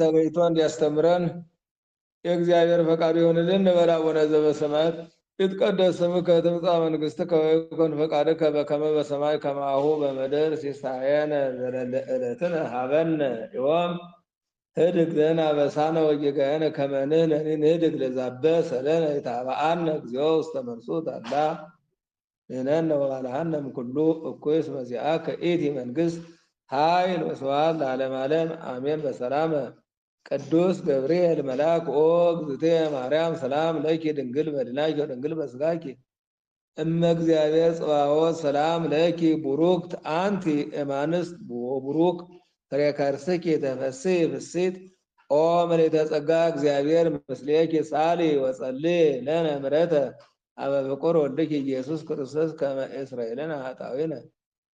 ተገኝቶ እንዲያስተምረን የእግዚአብሔር ፈቃዱ ይሁንልን። እንበል አቡነ ዘበሰማያት ይትቀደስ ስምከ ትምጻእ መንግሥትከ ወይኩን ፈቃድከ በከመ በሰማይ ከማሁ በምድር ሲሳየነ ዘለለዕለትነ ሀበነ ዮም ህድግ ለነ አበሳነ ወጌጋየነ ከመ ንሕነኒ ንህድግ ለዛበ ሰለነ ኢታብአነ እግዚኦ ውስተ መንሱት አላ ንሕነነ ወባልሐነ እምኩሉ እኩይ እስመ ዚአከ ኢቲ መንግሥት ኃይል ወስብሐት ለዓለመ ዓለም አሜን። በሰላም ቅዱስ ገብርኤል መልአክ ኦ ግዝእቴ ማርያም ሰላም ለኪ ድንግል በድናኪ ድንግል በስጋኪ እመ እግዚአብሔር ጽባኦት ሰላም ለኪ ቡሩክት አንቲ እማንስት ቡሩክ ፍሬ ከርስኪ ፍሲት ፍሥሕት ኦ ምልዕተ ጸጋ እግዚአብሔር ምስሌኪ ሳሊ ወጸልዪ ለነ ምሕረተ አበ ፍቁር ወልድኪ ኢየሱስ ክርስቶስ ከመ እስራኤልን ኃጣውኢነ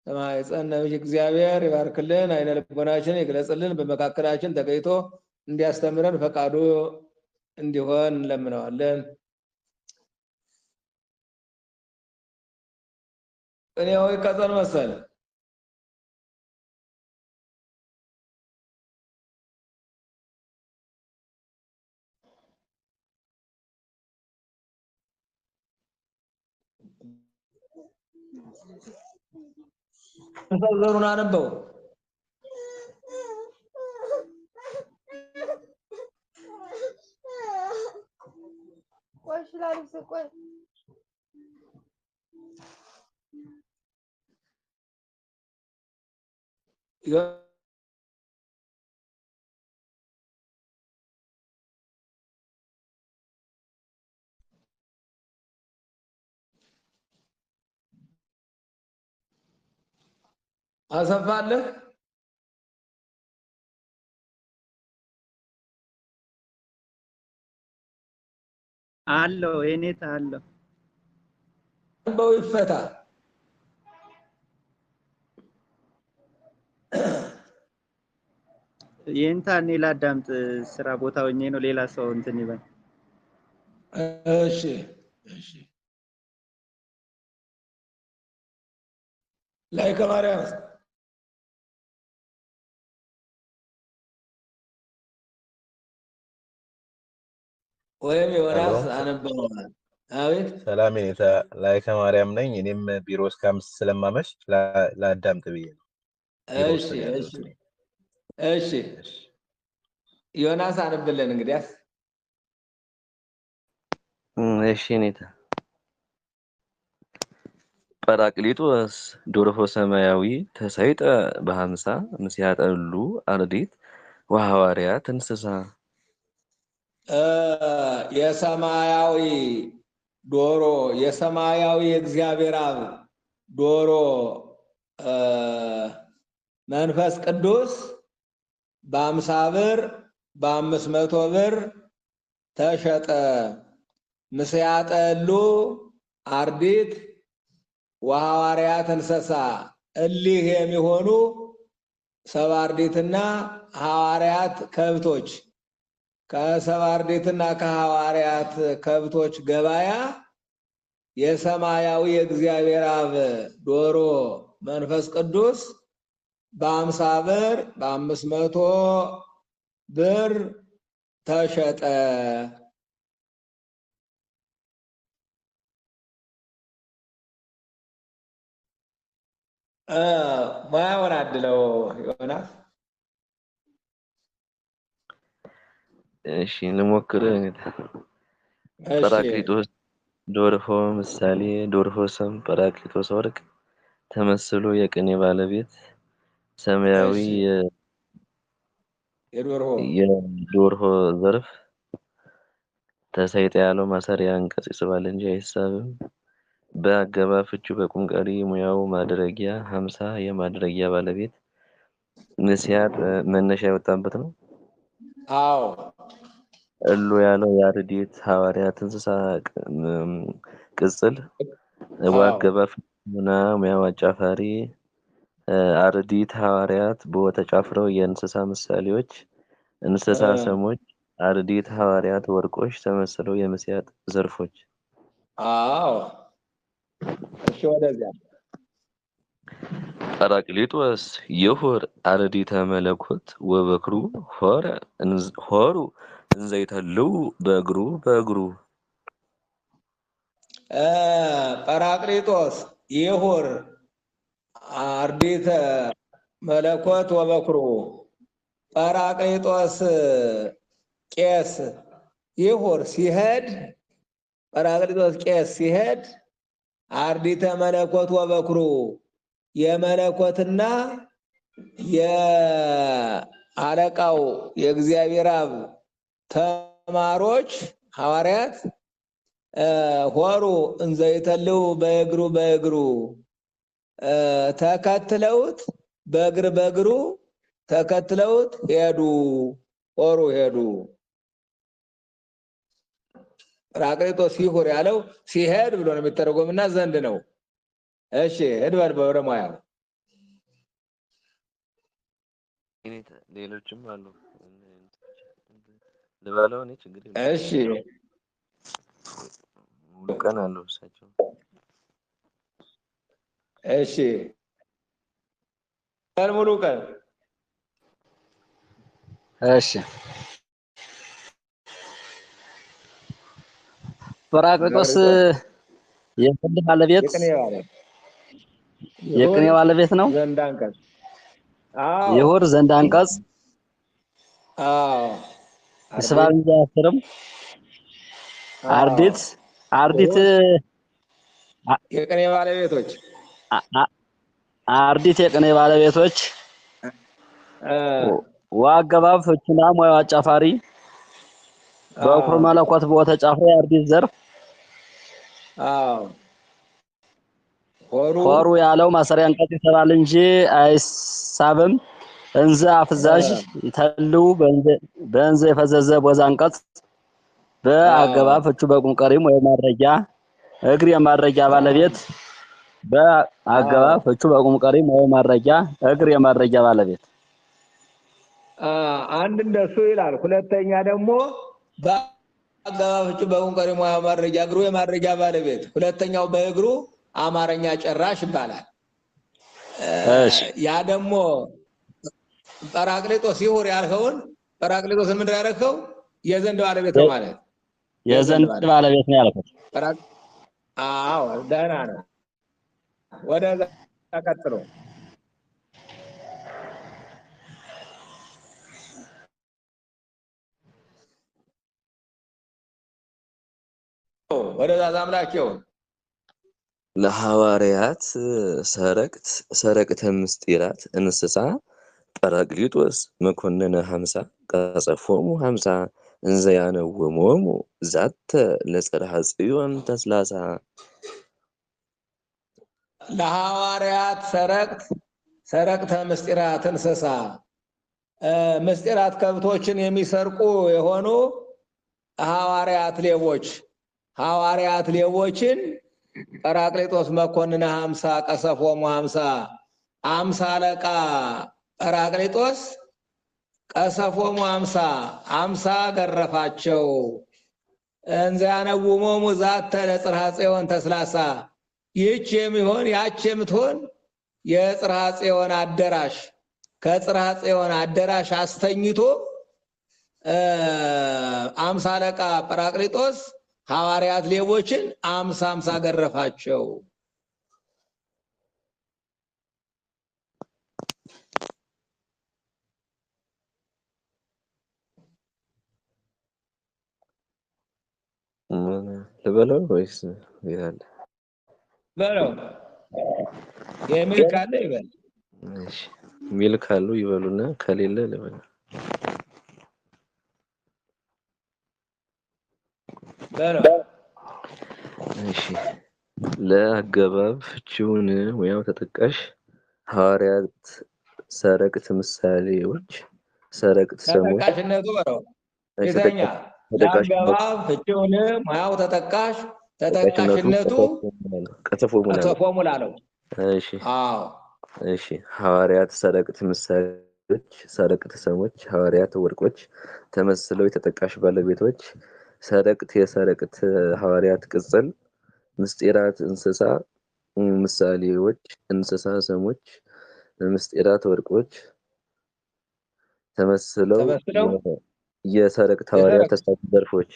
በማኅፀነ እምይእዜሰ እግዚአብሔር ይባርክልን፣ ዓይነ ልቦናችን ይግለጽልን፣ በመካከላችን ተገኝቶ እንዲያስተምረን ፈቃዱ እንዲሆን እንለምነዋለን። እኔ ወይ ቀጠል መሰል ተሰዘሩን አነበው ቆይ እሺ ላልብስ ቆይ አሰፋለህ አለው የኔታ አለው አንበው ይፈታ የኔታ እኔ ላዳምጥ ስራ ቦታ ሆኜ ነው ሌላ ሰው እንትን ይበል እሺ እሺ ላይከ ማርያም ወይም የወራስ አነበበዋል አቤት ሰላም ኔታ ላይ ከማርያም ነኝ። እኔም ቢሮ እስከ አምስት ስለማመሽ ለአዳም ጥብዬ ነው። እሺ ዮናስ አንብልን እንግዲያስ። እሺ ኔታ ጰራቅሊጦስ ዶርሆ ሰማያዊ ተሰይጠ በሀምሳ ምስያጠሉ ጠሉ አርዲት ወሐዋርያት እንስሳ የሰማያዊ ዶሮ የሰማያዊ የእግዚአብሔር አብ ዶሮ መንፈስ ቅዱስ በአምሳ ብር በአምስት መቶ ብር ተሸጠ። ምስያጠሉ አርዲት ወሐዋርያት እንስሳ እሊህ የሚሆኑ ሰባ አርዲትና ሐዋርያት ከብቶች ከሰማርዴትና ከሐዋርያት ከብቶች ገበያ የሰማያዊ የእግዚአብሔር አብ ዶሮ መንፈስ ቅዱስ በአምሳ ብር በአምስት መቶ ብር ተሸጠ። ሙያውን አድለው ዮናስ። እሺ እንሞክር። ጰራቅሊጦስ ዶርሆ ምሳሌ ዶርሆ ሰም ጰራቅሊጦስ ወርቅ ተመስሎ የቅኔ ባለቤት ሰማያዊ የዶርሆ ዘርፍ ተሳይጠ ያለው ማሰሪያ አንቀጽ ይስባል እንጂ አይሳብም። በአገባብ ፍቹ በቁም ቀሪ ሙያው ማድረጊያ ሀምሳ የማድረጊያ ባለቤት ምስያር መነሻ የወጣበት ነው። አዎ እሎ ያለው የአርዴት ሐዋርያ እንስሳ ቅጽል ዋገባ ፍና ሙያው አጫፋሪ አርድእት ሐዋርያት በተጫፍረው የእንስሳ ምሳሌዎች እንስሳ ሰሞች አርዲት ሐዋርያት ወርቆች ተመስለው የመስያጥ ዘርፎች። አዎ እሺ፣ ወደዚያ ጰራቅሊጦስ ይሁር መለኮት ወበክሩ ሆሩ እንዘይተልው በእግሩ በእግሩ ጰራቅሊጦስ ይሁር አርዲተ መለኮት ወበኩሩ ጰራቅሊጦስ ቄስ ይሁር ሲሄድ ጰራቅሊጦስ ቄስ ሲሄድ አርዲተ መለኮት ወበኩሩ የመለኮትና የአለቃው የእግዚአብሔር አብ ተማሮች ሐዋርያት ሆሩ እንዘ ይተልው በእግሩ በእግሩ ተከትለውት በእግር በእግሩ ተከትለውት ሄዱ። ሆሩ ሄዱ። ራቅሊጦስ ሲሁር ያለው ሲሄድ ብሎ ነው የሚተረጎምና ዘንድ ነው። እሺ እድበል በረማያ ሌሎችም አሉ። ልበለው እኔ ችግር እሺ ሙሉ ቀን አለው እሳቸው እሺ ቀን ሙሉ ቀን እሺ ጰራቅሊጦስ የቅኔ ባለቤት የቅኔ ባለቤት ነው ዘንድ አንቀጽ የሆር ዘንድ አንቀጽ ስባብ እንጂ አያስርም። አርዲት አርዲት የቅኔ ባለቤቶች አርዲት የቅኔ ባለቤቶች ፍቹና አጫፋሪ በኩር መለኮት ቦተ የአርዲት ዘርፍ ሆሩ ያለው ማሰሪያ አንቀጽ ይሰራል እንጂ አይሳብም። እንዘ አፍዛዥ ይተልው በእንዘ የፈዘዘ ቦዛ አንቀጽ በአገባብ ፍቹ በቁም ቀሪም ወይ ማድረጊያ እግር የማድረጊያ ባለቤት በአገባብ ፍቹ በቁም ቀሪም ወይ ማድረጊያ እግር የማድረጊያ ባለቤት አንድ እንደሱ ይላል። ሁለተኛ ደግሞ በአገባብ ፍቹ በቁም ቀሪም ወይ ማድረጊያ እግሩ የማድረጊያ ባለቤት ሁለተኛው በእግሩ አማርኛ ጨራሽ ይባላል። ያ ደግሞ ጰራቅሊጦስ ይሁር ያልከውን ጰራቅሊጦስን ምንድን ያደረግኸው? የዘንድ ባለቤት ነው ማለት የዘንድ ባለቤት ነው ያልኩት። አዎ ደህና ነው። ወደ ቀጥሎ ወደዛ ዛምላቸው ለሐዋርያት ሰረቅት ሰረቅተ ምስጢራት እንስሳ ጰራቅሊጦስ መኮንነ ሀምሳ ቀጸፎሙ ሀምሳ እንዘ ያነወሞሙ ዛተ ለጽርሐ ጽዮን ተስላሳ ለሐዋርያት ሰረቅት ሰረቅተ ምስጢራት እንስሳ ምስጢራት ከብቶችን የሚሰርቁ የሆኑ ሐዋርያት ሌቦች ሐዋርያት ሌቦችን ጰራቅሊጦስ መኮንነ ሀምሳ ቀሰፎሙ ሀምሳ አምሳ አለቃ ጰራቅሊጦስ ቀሰፎሙ አምሳ አምሳ ገረፋቸው። እንዘያነውሞሙ ዛተ ለጽርሐ ጽዮን ተስላሳ ይህች የሚሆን ያች የምትሆን የጽርሐ ጽዮን አዳራሽ ከጽርሐ ጽዮን አዳራሽ አስተኝቶ አምሳ አለቃ ጰራቅሊጦስ ሐዋርያት ሌቦችን አምሳ አምሳ ገረፋቸው። ልበለው ወይስ ይላል? በለው የሚል ካለ ይበል። እሺ ሚል ካሉ ይበሉና ከሌለ ልበል። በለው እሺ። ለአገባብ ፍቺውን ወይም ተጠቃሽ ሐዋርያት ሰረቅት ምሳሌዎች ሰረቅት ሰሞች ተጠቃሽነቱ በለው ያገባ ፍቺውን ሙያው ተጠቃሽ ተጠቃሽነቱ ነው። እሺ ሐዋርያት ሰረቅት ምሳሌዎች፣ ሰረቅት ሰሞች፣ ሐዋርያት ወርቆች ተመስለው የተጠቃሽ ባለቤቶች፣ ሰረቅት የሰረቅት ሐዋርያት ቅጽል፣ ምስጢራት እንስሳ ምሳሌዎች፣ እንስሳ ሰሞች፣ ምስጢራት ወርቆች ተመስለው የሰረቅ ታዋሪያ ተሳቢ ዘርፎች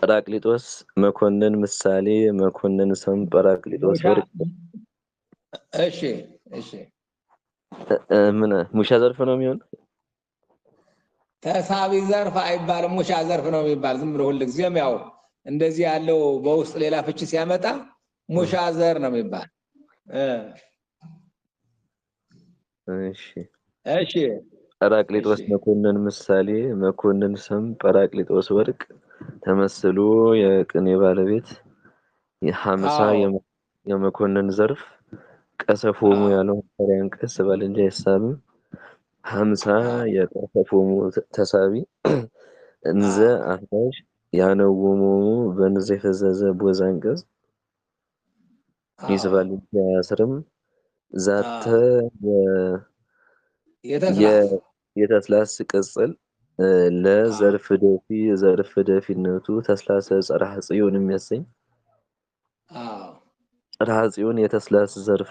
ጰራቅሊጦስ መኮንን፣ ምሳሌ መኮንን፣ ስም ጰራቅሊጦስ ወርቅ። እሺ፣ እሺ፣ ምን ሙሻ ዘርፍ ነው የሚሆን? ተሳቢ ዘርፍ አይባልም፣ ሙሻ ዘርፍ ነው የሚባል። ዝም ብሎ ጊዜም ያው እንደዚህ ያለው በውስጥ ሌላ ፍቺ ሲያመጣ ሙሻ ዘር ነው የሚባል። እሺ፣ እሺ ጰራቅሊጦስ መኮንን ምሳሌ መኮንን ስም ጰራቅሊጦስ ወርቅ ተመስሎ የቅኔ ባለቤት ሀምሳ የመኮንን ዘርፍ ቀሰፎሙ ያለው መሪ አንቀጽ ባልንጃ አይሳብም ሀምሳ የቀሰፎሙ ተሳቢ እንዘ አፍራሽ ያነውሙ በንዘ የፈዘዘ ቦዛን ቀስ ይህ ባልንጃ አያስርም ዛተ የተስላስ ቅጽል ለዘርፍ ደፊ ዘርፍ ደፊነቱ ተስላሰ ጽርሐ ጽዮን የሚያሰኝ ጽርሐ ጽዮን የተስላስ ዘርፍ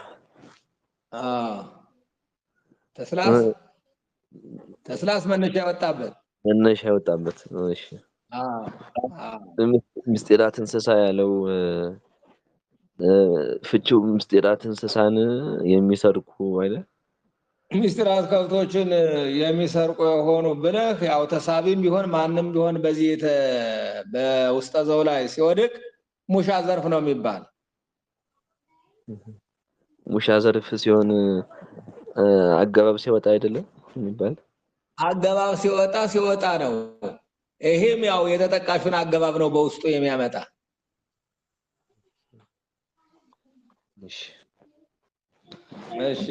ተስላስ መነሻ ያወጣበት መነሻ ያወጣበት ምስጢራት እንስሳ ያለው ፍቺው ምስጢራት እንስሳን የሚሰርቁ አይደል? ሚስጢራት ከብቶችን የሚሰርቁ የሆኑ ብለህ ያው ተሳቢም ቢሆን ማንም ቢሆን በዚህ በውስጠ ዘው ላይ ሲወድቅ ሙሻ ዘርፍ ነው የሚባል። ሙሻ ዘርፍ ሲሆን አገባብ ሲወጣ አይደለም የሚባል አገባብ ሲወጣ ሲወጣ ነው። ይሄም ያው የተጠቃሹን አገባብ ነው በውስጡ የሚያመጣ። እሺ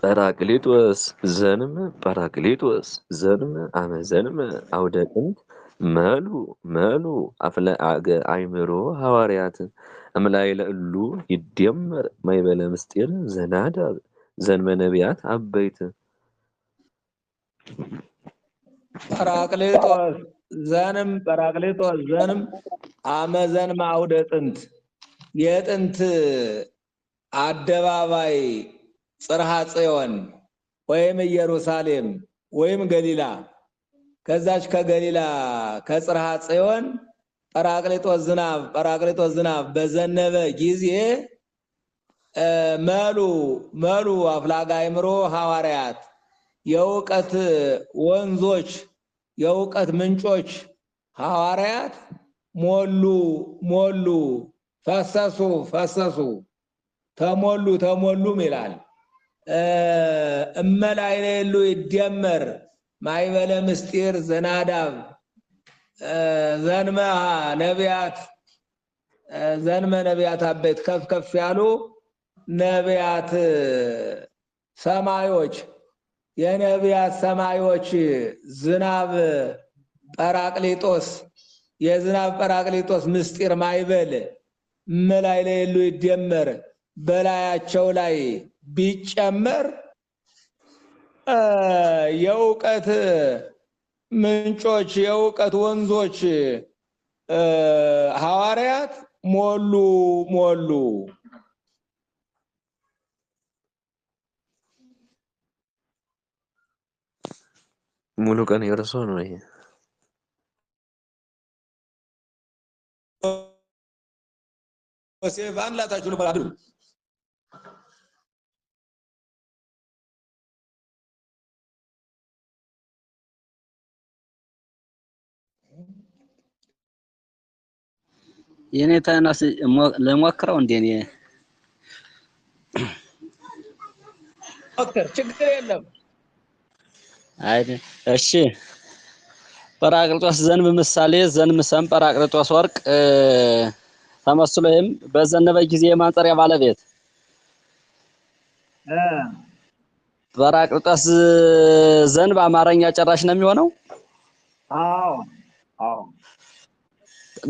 ጰራቅሊጦስ ዘንም ጰራቅሊጦስ ዘንም አመ ዘንመ አውደ ጥንት መሉ መሉ አፍለአገ አይምሮ ሐዋርያት እምላይ ለእሉ ይደመር ማይበለ ምስጢር ዘናዳር ዘንመ ነቢያት አበይት ጰራቅሊጦስ ዘንም ጰራቅሊጦስ ዘንም አመዘንም ዘንመ አውደ ጥንት የጥንት አደባባይ ጽርሃ ጽዮን ወይም ኢየሩሳሌም ወይም ገሊላ ከዛች ከገሊላ ከጽርሃ ጽዮን ጰራቅሊጦስ ዝናብ ጰራቅሊጦስ ዝናብ በዘነበ ጊዜ መሉ መሉ አፍላጋ አይምሮ ሐዋርያት የእውቀት ወንዞች የእውቀት ምንጮች ሐዋርያት ሞሉ ሞሉ ፈሰሱ ፈሰሱ ተሞሉ ተሞሉም ይላል። እመላይ ለሉ ይደመር ማይበለ ምስጢር ዘናዳብ ዘንመሃ ነቢያት ዘንመ ነቢያት አበይት ከፍ ከፍ ያሉ ነቢያት ሰማዮች የነቢያት ሰማዮች ዝናብ ጰራቅሊጦስ የዝናብ ጰራቅሊጦስ ምስጢር ማይበል እመላይ ለሉ ይደመር በላያቸው ላይ ቢጨመር የእውቀት ምንጮች የእውቀት ወንዞች ሐዋርያት ሞሉ ሞሉ። ሙሉ ቀን የእርሶ ነው ይሄ ሴቫን ላታችሁ ነበር የኔ ታናስ ለሞክረው እንዴ እኔ ዶክተር ችግር የለም። አይ እሺ፣ ጰራቅሊጦስ ዘንብ ምሳሌ ዘንብ ሰም ጰራቅሊጦስ ወርቅ በዘነበ ጊዜ ባለቤት ጰራቅሊጦስ ዘንብ አማርኛ ጨራሽ ነው የሚሆነው። አዎ አዎ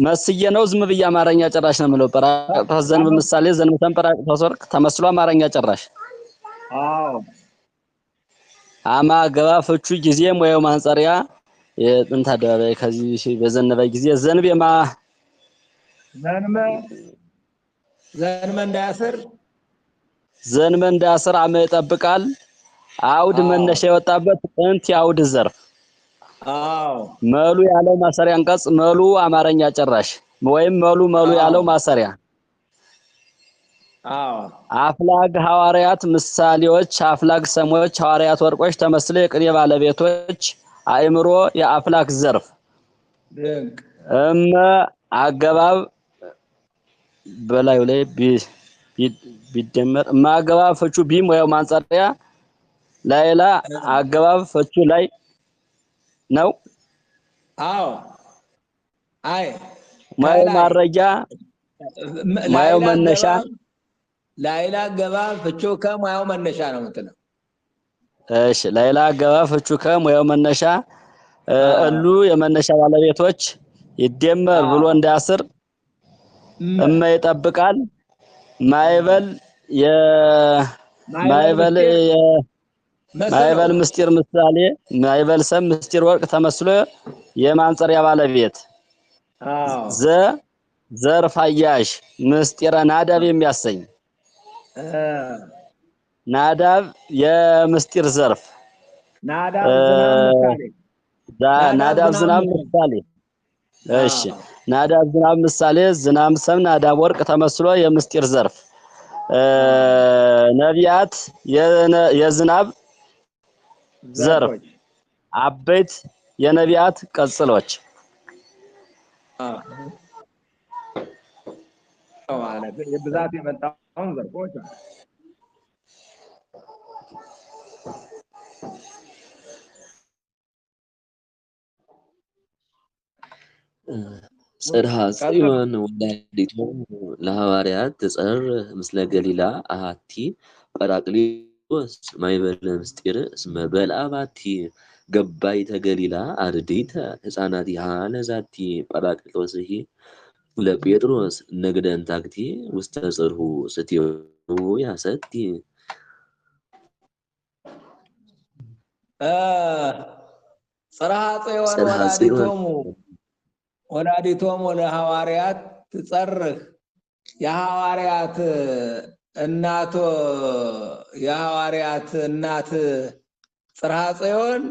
መስዬ ነው ዝም ብዬ አማርኛ ጭራሽ ነው የምለው። ጰራቅሊጦስ ዘንብ ምሳሌ ዘንብተን ጰራቅሊጦስ ወርቅ ተመስሎ አማርኛ ጭራሽ አዎ አማ ገባ ፍቹ ጊዜ ሙያው ማንጸሪያ የጥንት አደባባይ ከዚህ በዘነበ ጊዜ ዘንብ የማ ዘንመ ዘንመ እንዳያስር ዘንመ እንዳያስር አመ ይጠብቃል አውድ መነሻ የወጣበት ጥንት የአውድ ዘርፍ መሉ ያለው ማሰሪያ አንቀጽ መሉ አማርኛ ጭራሽ ወይም መሉ መሉ ያለው ማሰሪያ አፍላግ ሐዋርያት ምሳሌዎች፣ አፍላግ ሰሞች፣ ሐዋርያት ወርቆች ተመስለ የቅኔ ባለቤቶች አእምሮ የአፍላክ ዘርፍ እመ አገባብ በላዩ ላይ ቢደመር እመ አገባብ ፍቹ ቢም ወይም ማንጸሪያ ላይላ አገባብ ፍቹ ላይ ነው? አዎ። አይ ማየው ማረጃ ማየው መነሻ ላይላ ገባ ፍቹ ከሙያው መነሻ ነው የምትለው። እሺ ላይላ ገባ ፍቹ ከሙያው መነሻ እሉ የመነሻ ባለቤቶች ይደመር ብሎ እንዳስር እመ ይጠብቃል ማይበል የማይበል ማይበል ምስጢር ምሳሌ ማይበል ሰም ምስጢር ወርቅ ተመስሎ የማንጸሪያ ባለቤት ዘ ዘርፍ አያሽ ምስጢረ ናዳብ የሚያሰኝ ናዳብ የምስጢር ዘርፍ ናዳብ ዝናብ ምሳሌ እሺ ናዳብ ዝናብ ምሳሌ ዝናም ሰም ናዳብ ወርቅ ተመስሎ የምስጢር ዘርፍ ነቢያት የዝናብ ዘርፍ አበይት የነቢያት ቀጽሎች ብዛት የመጣውን ዘርፎች ጽዮን ወላዲቱ ለሐዋርያት ትጸር ምስለ ገሊላ አሃቲ ጰራቅሊጦስ ማይበለ ምስጢር እስመ በልአባቲ ገባይ ተገሊላ አርዴተ ህፃናት ይሃ ለዛቲ ጳራቅሊጦስ ለጴጥሮስ ነግደን ታክቲ ውስተ ጽርሁ ስትሁ ያሰቲ ጽርሐ ጽዮን ወላዲቶሙ ወላዲቶሙ ለሐዋርያት ትጸርህ የሐዋርያት እናቶ የሐዋርያት እናት ጽርሐ ጽዮን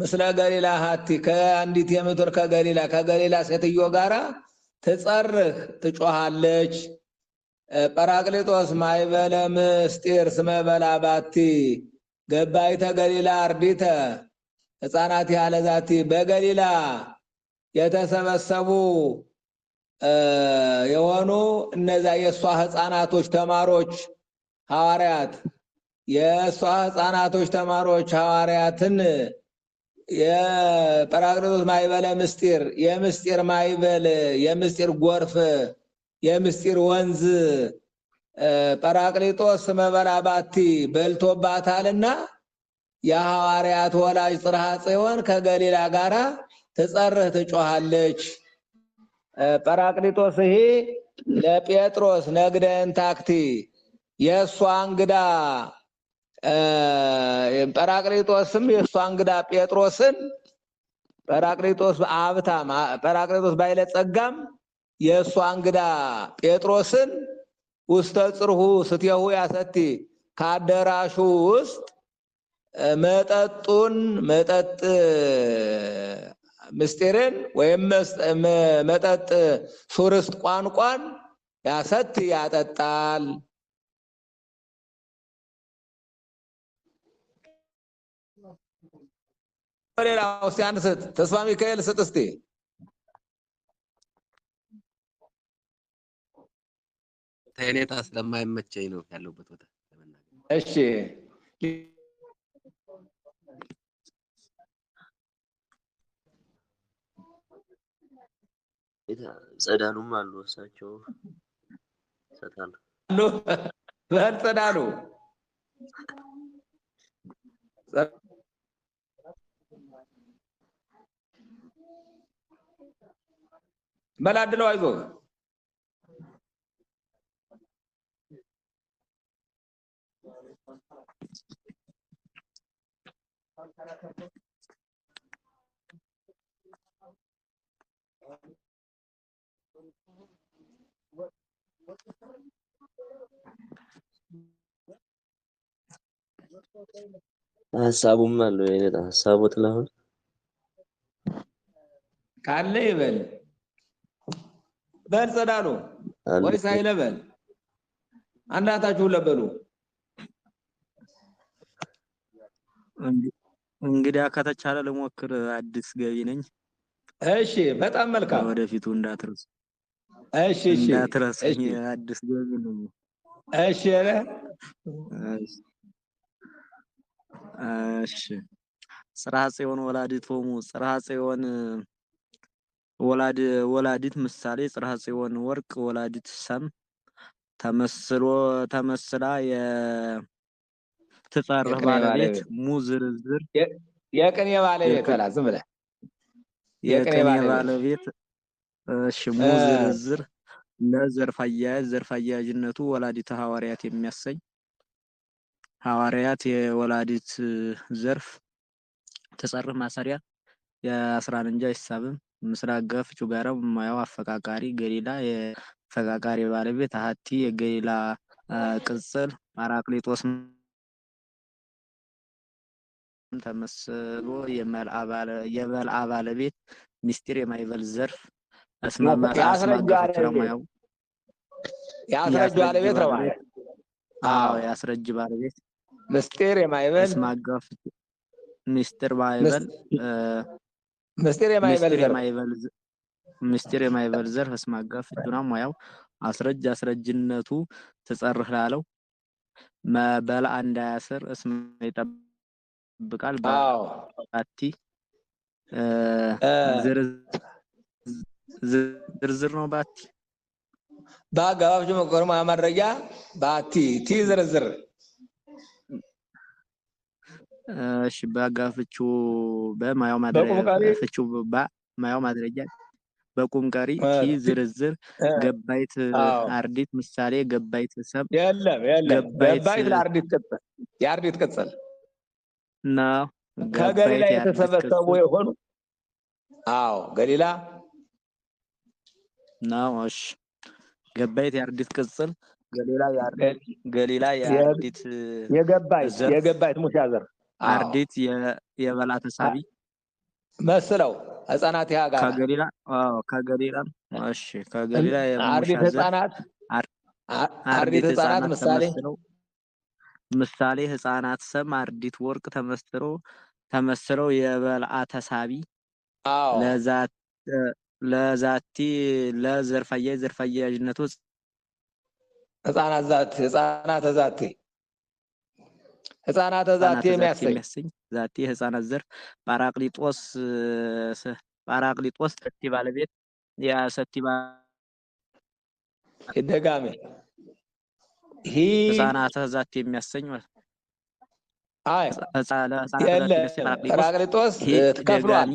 ምስለ ገሊላ ሀቲ ከአንዲት የምድር ከገሊላ ከገሊላ ሴትዮ ጋራ ትጸርህ ትጮሃለች። ጰራቅሊጦስ ማይበለ ምስጢር ስመበላ ባቲ ገባይተ ገሊላ አርዲተ ሕፃናት ያለዛቲ በገሊላ የተሰበሰቡ የሆኑ እነዚያ የእሷ ህፃናቶች ተማሮች ሐዋርያት የእሷ ህፃናቶች ተማሮች ሐዋርያትን የጰራቅሊጦስ ማይበለ ምስጢር የምስጢር ማይበል የምስጢር ጎርፍ የምስጢር ወንዝ ጰራቅሊጦስ መበላባቲ በልቶባታልና የሐዋርያት ወላጅ ጽርሐ ጽዮን ከገሊላ ጋራ ትጸርህ ትጮሃለች ጰራቅሊጦስ ይሄ ለጴጥሮስ ነግደን ታክቲ የእሷ እንግዳ ጰራቅሊጦስም የእሷ እንግዳ ጴጥሮስን ጰራቅሊጦስ አብታም ጰራቅሊጦስ ጸጋም የእሷ እንግዳ ጴጥሮስን ውስተ ጽርሁ ስትየሁ ያሰቲ ከአዳራሹ ውስጥ መጠጡን መጠጥ ምስጢርን ወይም መጠጥ ሱርስት ቋንቋን ያሰት ያጠጣል። ሌላ ውስጥ አንድ ስጥ ተስፋ ሚካኤል ስጥ እስቲ ሁኔታ ስለማይመቸኝ ነው ያለሁበት ቦታ። እሺ ጸዳሉም አሉ እሳቸው ይሰጣሉ በል ጸዳሉ በል አድለው አይዞ። ሀሳቡም አለው ይሄ ሀሳቡ ትላሁን ካለ ይበል በል ጸዳሉ ወይስ አይለበል አንዳታችሁ ለበሉ። እንግዲህ ከተቻለ ልሞክር። አዲስ ገቢ ነኝ። እሺ፣ በጣም መልካም። ወደፊቱ እንዳትረሱ። እሺ እሺ፣ እንዳትረሳኝ አዲስ ገቢ ነው። እሺ ኧረ እሺ። ጽርሐ ጽዮን ወላዲት ሆሙ ጽርሐ ጽዮን ወላዲት ምሳሌ ጽርሐ ጽዮን ወርቅ ወላዲት ሰም ተመስሎ ተመስላ የትጸርህ ባለቤት ሙ ዝርዝር የቅኔ ባለቤት ዝም ብለህ የቅኔ ባለቤት እሺ ሙዝ ዝርዝር ለዘርፍ አያያዝ ዘርፍ አያያዥነቱ ወላዲተ ሐዋርያት የሚያሰኝ ሐዋርያት የወላዲት ዘርፍ ተጸርፍ ማሰሪያ የአስራን እንጂ አይሳብም ምስራቅ ገፍ ጩጋራው የማየው አፈቃቃሪ ገሊላ የፈቃቃሪ ባለቤት አሀቲ የገሊላ ቅጽል አራክሊጦስ ተመስሎ የበልአ ባለቤት ሚስጢር የማይበል ዘርፍ ያስረጁ ባለቤት ነው ማለት አዎ፣ ያስረጅ ባለቤት ምስጢር የማይበል ምስጢር ማይበል ምስጢር የማይበል ምስጢር የማይበል ፍቱና ሙያው አስረጅ አስረጅነቱ ትጸርህ ላለው መበል እንዳያስር እስም ይጠብቃል ባቲ ዝርዝር ዝርዝር ነው ባቲ በአጋባብ በአጋባብች ቆርማ ማድረጊያ ባቲ ቲ ዝርዝር እሺ በአጋፍቹ በማያው ማድረጊያ ፍቹ ማያው ማድረጊያ በቁም ቀሪ ቲ ዝርዝር ገባይት አርዲት ምሳሌ ገባይት ሰብ የለም የለም ገባይት ለአርዲት ቅጽል የአርዲት ቅጽል ና ከገሊላ የተሰበሰቡ የሆኑ አዎ ገሊላ ነው። እሺ ገባይት የአርዲት ቅጽል ገሊላ የአርዲት ገሊላ የአርዲት የገባይት የገባይት አርዲት የበላ ተሳቢ መስለው ህጻናት ያ ጋር ከገሊላ ከገሊላ እሺ ከገሊላ አርዲት ህጻናት አርዲት ምሳሌ ምሳሌ ስም አርዲት ወርቅ ተመስሎ ተመስለው የበልአ ተሳቢ ለዛት ለዛቲ ለዘርፋየ አያያዝ ዘርፍ አያያዥነቱ ህፃናት ዛቲ ህፃናት ዛቲ ህፃናት ዛቲ የሚያሰኝ ዛቲ ህፃናት ዘርፍ ጳራቅሊጦስ ጳራቅሊጦስ ሰቲ ባለቤት የሰቲ ደጋሜ ህፃናት ዛቲ የሚያሰኝ ማለት ጳራቅሊጦስ ከፍሏል።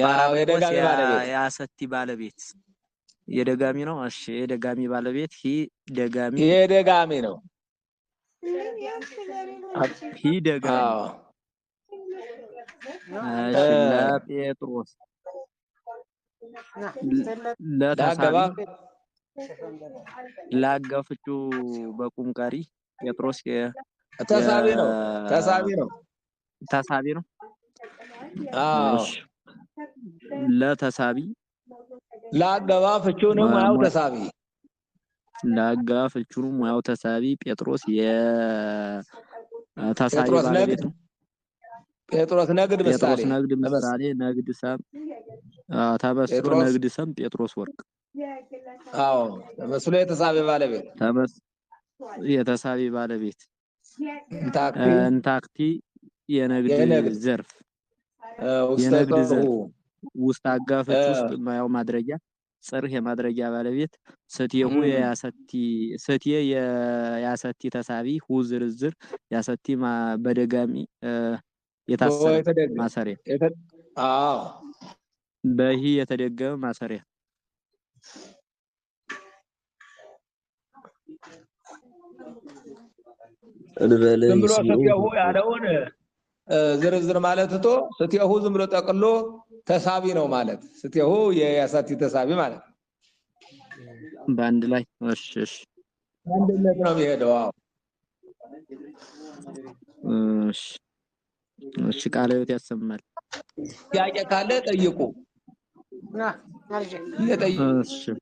የአሰቲ ባለቤት የደጋሚ ነው። እሺ የደጋሚ ባለቤት ሂ ደጋሚ የደጋሚ ነው። ሂ ደጋሚ እሺ። ለጴጥሮስ ለተሳቢ ላጋፍቹ በቁም ቀሪ ጴጥሮስ ተሳቢ ነው። ተሳቢ ነው። ተሳቢ ነው። አዎ ለተሳቢ ለአገባ ፍቹን ሙያው ተሳቢ ለአገባ ፍቹን ሙያው ተሳቢ ጴጥሮስ የተሳቢ ባለቤት ጴጥሮስ ነግድ ምሳሌ ነግድ ምሳሌ ነግድ ሰም ተመስሎ ነግድ ሰም ጴጥሮስ ወርቅ። አዎ ተመስሎ የተሳቢ ባለቤት ተመስ የተሳቢ ባለቤት እንታክቲ የነግድ ዘርፍ የንግድ ዘርፍ ውስጥ አጋፈች ውስጥ ያው ማድረጊያ ጽርህ የማድረጊያ ባለቤት ሰትየሙ ያሰቲ ሰትየ ያሰቲ ተሳቢ ሁ ዝርዝር ያሰቲ በደጋሚ የታሰረ ማሰሪያ አዎ በሂ የተደገመ ማሰሪያ እንበለ ዝም ብሎ ያለውን ዝርዝር ማለት እቶ ስትሁ ዝም ብሎ ጠቅሎ ተሳቢ ነው ማለት ስትሁ የያሳቲ ተሳቢ ማለት በአንድ ላይ እሺ፣ ነው የሚሄደው። አዎ፣ እሺ፣ ቃለ ሕይወት ያሰማል። ጥያቄ ካለ ጠይቁ። እሺ